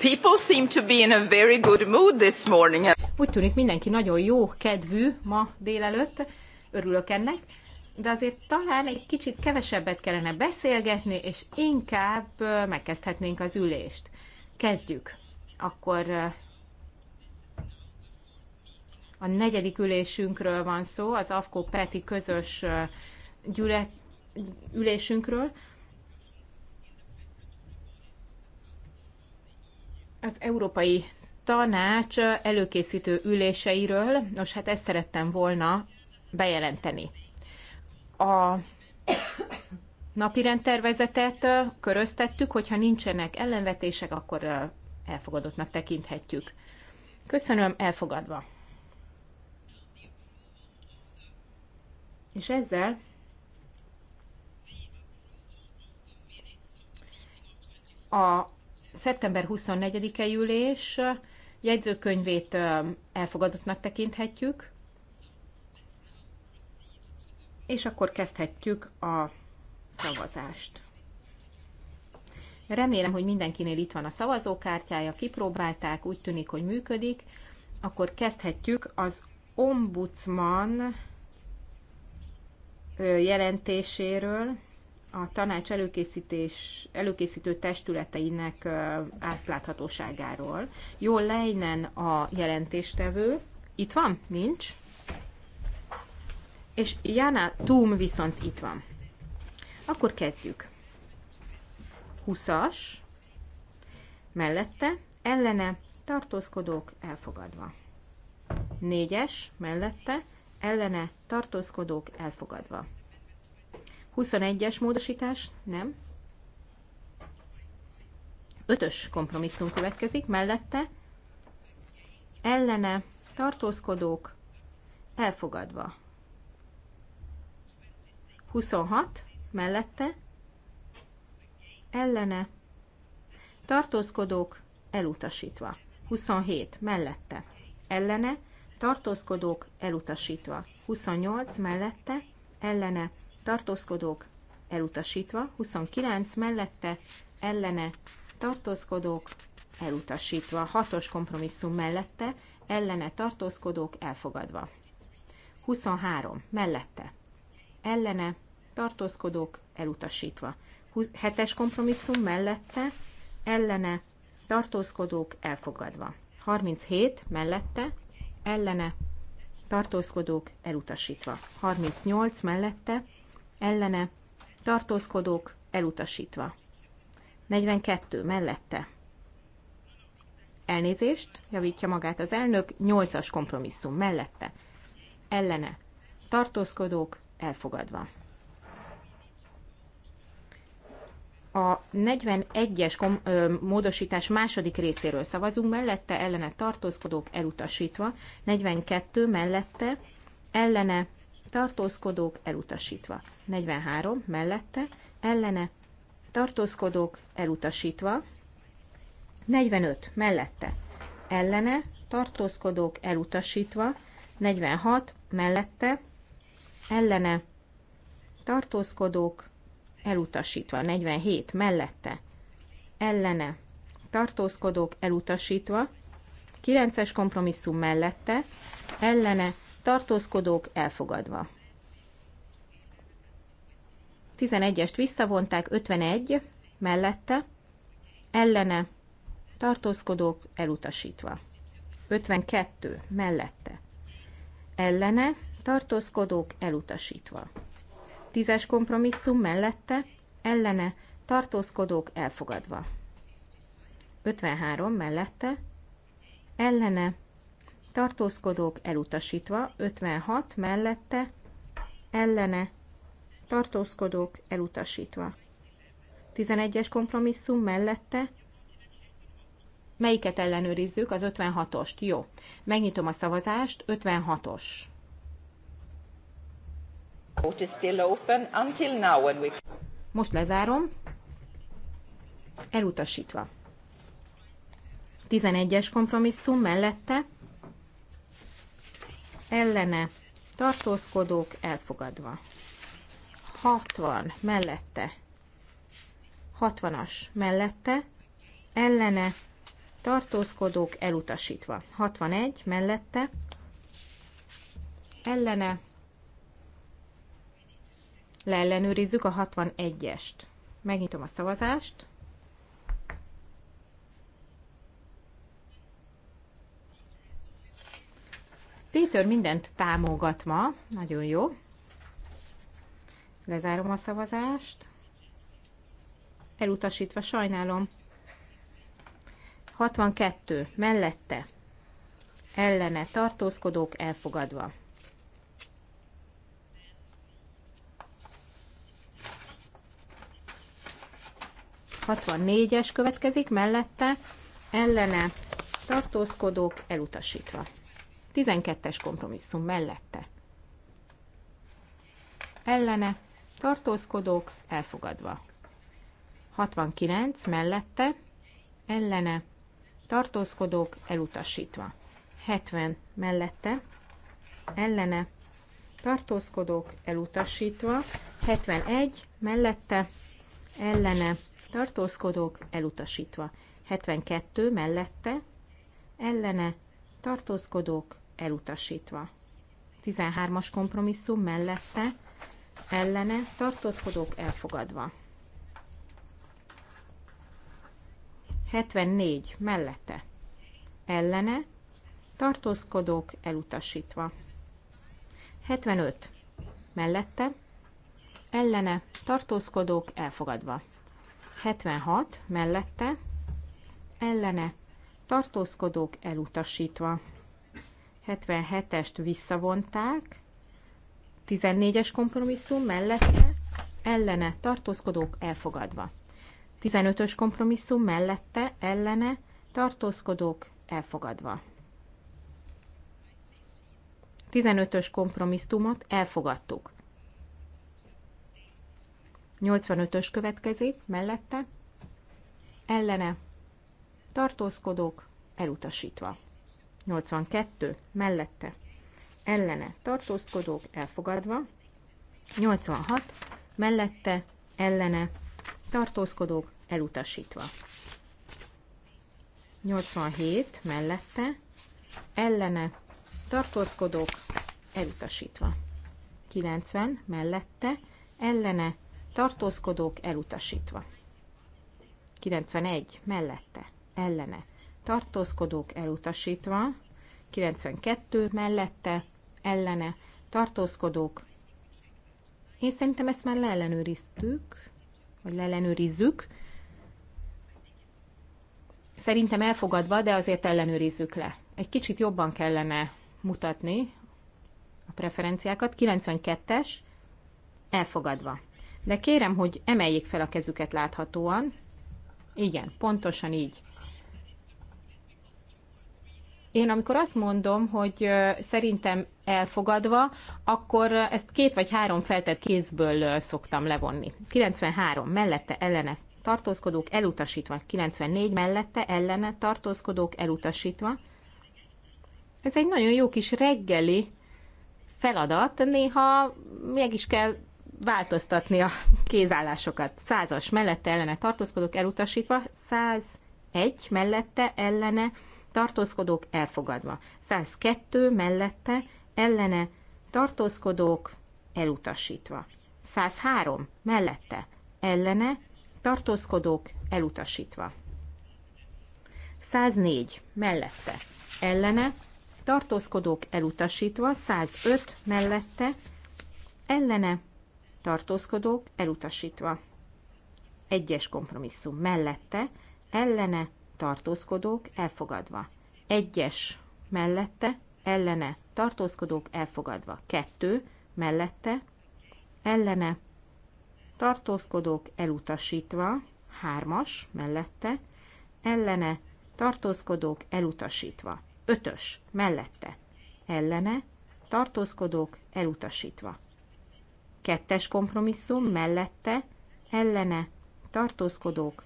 People seem to be in a very good mood this morning. Úgy tűnik mindenki nagyon jó kedvű ma délelőtt, örülök ennek, de azért talán egy kicsit kevesebbet kellene beszélgetni, és inkább megkezdhetnénk az ülést. Kezdjük. Akkor a negyedik ülésünkről van szó, az AFKO Peti közös gyüle, ülésünkről, az Európai Tanács előkészítő üléseiről, nos hát ezt szerettem volna bejelenteni. A napirend rendtervezetet köröztettük, hogyha nincsenek ellenvetések, akkor elfogadottnak tekinthetjük. Köszönöm, elfogadva. És ezzel a szeptember 24-e ülés jegyzőkönyvét elfogadottnak tekinthetjük, és akkor kezdhetjük a szavazást. Remélem, hogy mindenkinél itt van a szavazókártyája, kipróbálták, úgy tűnik, hogy működik. Akkor kezdhetjük az ombudsman jelentéséről a tanács előkészítés, előkészítő testületeinek átláthatóságáról. Jó Leinen a jelentéstevő. Itt van? Nincs. És Jana Tum viszont itt van. Akkor kezdjük. 20-as, mellette, ellene, tartózkodók, elfogadva. 4-es, mellette, ellene, tartózkodók, elfogadva. 21-es módosítás, nem. 5-ös kompromisszum következik, mellette ellene tartózkodók elfogadva. 26 mellette ellene tartózkodók elutasítva. 27 mellette ellene tartózkodók elutasítva. 28 mellette ellene tartózkodók elutasítva, 29 mellette ellene tartózkodók elutasítva, 6-os kompromisszum mellette ellene tartózkodók elfogadva. 23 mellette ellene tartózkodók elutasítva. 7-es kompromisszum mellette ellene tartózkodók elfogadva. 37 mellette ellene tartózkodók elutasítva. 38 mellette ellene, tartózkodók elutasítva. 42 mellette. Elnézést, javítja magát az elnök, 8-as kompromisszum mellette. Ellene, tartózkodók elfogadva. A 41-es módosítás második részéről szavazunk, mellette ellene tartózkodók elutasítva, 42 mellette ellene tartózkodók elutasítva. 43 mellette, ellene, tartózkodók elutasítva. 45 mellette, ellene, tartózkodók elutasítva. 46 mellette, ellene, tartózkodók elutasítva. 47 mellette, ellene, tartózkodók elutasítva. 9-es kompromisszum mellette, ellene, tartózkodók elfogadva. 11-est visszavonták, 51 mellette, ellene, tartózkodók elutasítva. 52 mellette, ellene, tartózkodók elutasítva. 10-es kompromisszum mellette, ellene, tartózkodók elfogadva. 53 mellette, ellene, tartózkodók elutasítva, 56 mellette, ellene, tartózkodók elutasítva. 11-es kompromisszum mellette, melyiket ellenőrizzük, az 56-ost. Jó, megnyitom a szavazást, 56-os. Most lezárom, elutasítva. 11-es kompromisszum mellette, ellene tartózkodók elfogadva. 60 mellette, 60-as mellette, ellene tartózkodók elutasítva. 61 mellette, ellene leellenőrizzük a 61-est. Megnyitom a szavazást. Raportőr mindent támogat ma, nagyon jó. Lezárom a szavazást. Elutasítva, sajnálom. 62. Mellette. Ellene tartózkodók elfogadva. négyes következik, mellette ellene tartózkodók elutasítva. 12-es kompromisszum mellette. Ellene, tartózkodók, elfogadva. 69 mellette, ellene, tartózkodók, elutasítva. 70 mellette, ellene, tartózkodók, elutasítva. 71 mellette, ellene, tartózkodók, elutasítva. 72 mellette, ellene, tartózkodók, elutasítva. 13-as kompromisszum mellette, ellene, tartózkodók elfogadva. 74 mellette, ellene, tartózkodók elutasítva. 75 mellette, ellene, tartózkodók elfogadva. 76 mellette, ellene, tartózkodók elutasítva. 77-est visszavonták, 14-es kompromisszum mellette, ellene tartózkodók elfogadva. 15-ös kompromisszum mellette, ellene tartózkodók elfogadva. 15-ös kompromisszumot elfogadtuk. 85-ös következik, mellette, ellene, tartózkodók, elutasítva. 82 mellette ellene tartózkodók elfogadva, 86 mellette ellene tartózkodók elutasítva, 87 mellette ellene tartózkodók elutasítva, 90 mellette ellene tartózkodók elutasítva, 91 mellette ellene tartózkodók elutasítva, 92 mellette, ellene, tartózkodók. Én szerintem ezt már leellenőriztük, vagy leellenőrizzük. Szerintem elfogadva, de azért ellenőrizzük le. Egy kicsit jobban kellene mutatni a preferenciákat. 92-es, elfogadva. De kérem, hogy emeljék fel a kezüket láthatóan. Igen, pontosan így én amikor azt mondom, hogy szerintem elfogadva, akkor ezt két vagy három feltett kézből szoktam levonni. 93 mellette ellene tartózkodók elutasítva, 94 mellette ellene tartózkodók elutasítva. Ez egy nagyon jó kis reggeli feladat, néha meg is kell változtatni a kézállásokat. Százas mellette ellene tartózkodók elutasítva, 101 mellette ellene tartózkodók elfogadva. 102 mellette ellene tartózkodók elutasítva. 103 mellette ellene tartózkodók elutasítva. 104 mellette ellene tartózkodók elutasítva, 105 mellette ellene tartózkodók elutasítva. Egyes kompromisszum mellette ellene tartózkodók elfogadva. Egyes mellette, ellene tartózkodók elfogadva. Kettő mellette, ellene tartózkodók elutasítva. Hármas mellette, ellene tartózkodók elutasítva. Ötös mellette, ellene tartózkodók elutasítva. Kettes kompromisszum mellette, ellene tartózkodók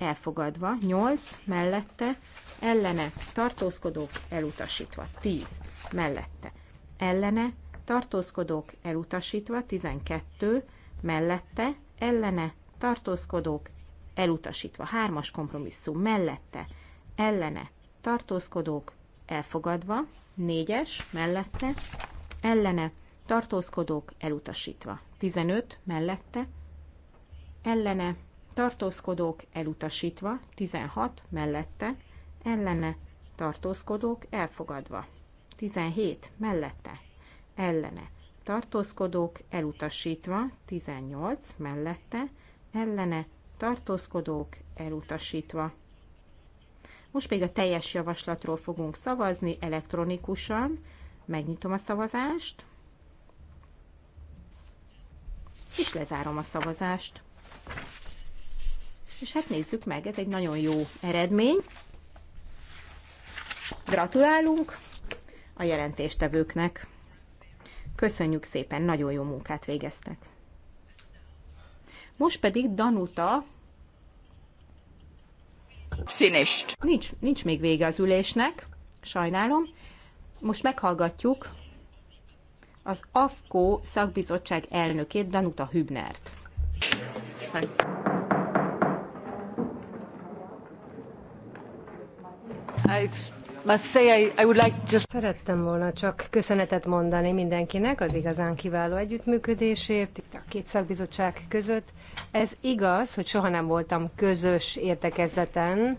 elfogadva, 8 mellette, ellene tartózkodók elutasítva, 10 mellette, ellene tartózkodók elutasítva, 12 mellette, ellene tartózkodók elutasítva, 3-as kompromisszum mellette, ellene tartózkodók elfogadva, 4-es mellette, ellene tartózkodók elutasítva, 15 mellette, ellene tartózkodók elutasítva, 16 mellette, ellene tartózkodók elfogadva, 17 mellette, ellene tartózkodók elutasítva, 18 mellette, ellene tartózkodók elutasítva. Most még a teljes javaslatról fogunk szavazni elektronikusan. Megnyitom a szavazást, és lezárom a szavazást. És hát nézzük meg, ez egy nagyon jó eredmény. Gratulálunk a jelentéstevőknek. Köszönjük szépen, nagyon jó munkát végeztek. Most pedig Danuta Finished. Nincs, nincs még vége az ülésnek, sajnálom. Most meghallgatjuk az AFKO szakbizottság elnökét, Danuta Hübnert. you. Szerettem volna csak köszönetet mondani mindenkinek az igazán kiváló együttműködésért itt a két szakbizottság között. Ez igaz, hogy soha nem voltam közös értekezleten,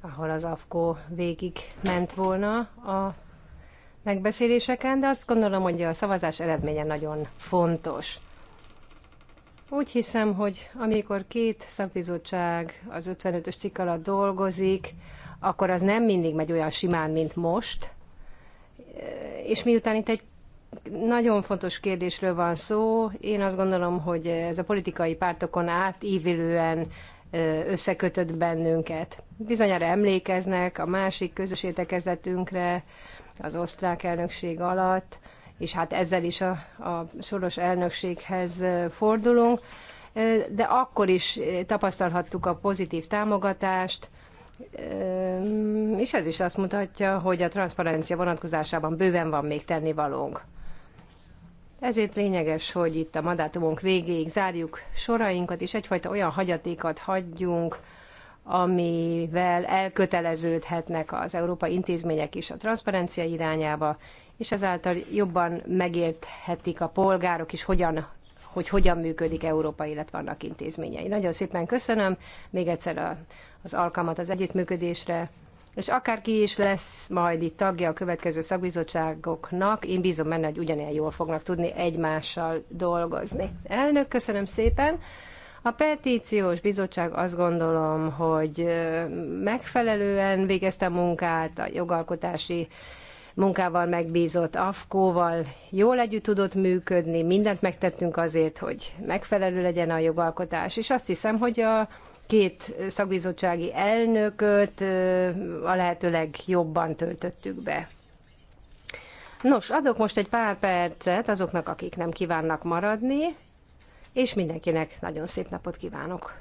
ahol az AFKO végig ment volna a megbeszéléseken, de azt gondolom, hogy a szavazás eredménye nagyon fontos. Úgy hiszem, hogy amikor két szakbizottság az 55-ös cikk alatt dolgozik, akkor az nem mindig megy olyan simán, mint most. És miután itt egy nagyon fontos kérdésről van szó, én azt gondolom, hogy ez a politikai pártokon átívelően összekötött bennünket. Bizonyára emlékeznek a másik közös értekezletünkre az osztrák elnökség alatt, és hát ezzel is a, a szoros elnökséghez fordulunk, de akkor is tapasztalhattuk a pozitív támogatást, és ez is azt mutatja, hogy a transzparencia vonatkozásában bőven van még tennivalónk. Ezért lényeges, hogy itt a mandátumunk végéig zárjuk sorainkat, és egyfajta olyan hagyatékat hagyjunk, amivel elköteleződhetnek az európai intézmények is a transzparencia irányába, és ezáltal jobban megérthetik a polgárok is, hogyan hogy hogyan működik Európa, illetve annak intézményei. Nagyon szépen köszönöm még egyszer a, az alkalmat az együttműködésre, és akárki is lesz majd itt tagja a következő szakbizottságoknak, én bízom benne, hogy ugyanilyen jól fognak tudni egymással dolgozni. Elnök, köszönöm szépen! A petíciós bizottság azt gondolom, hogy megfelelően végezte a munkát, a jogalkotási munkával megbízott AFKO-val jól együtt tudott működni, mindent megtettünk azért, hogy megfelelő legyen a jogalkotás, és azt hiszem, hogy a két szakbizottsági elnököt a lehető jobban töltöttük be. Nos, adok most egy pár percet azoknak, akik nem kívánnak maradni, és mindenkinek nagyon szép napot kívánok!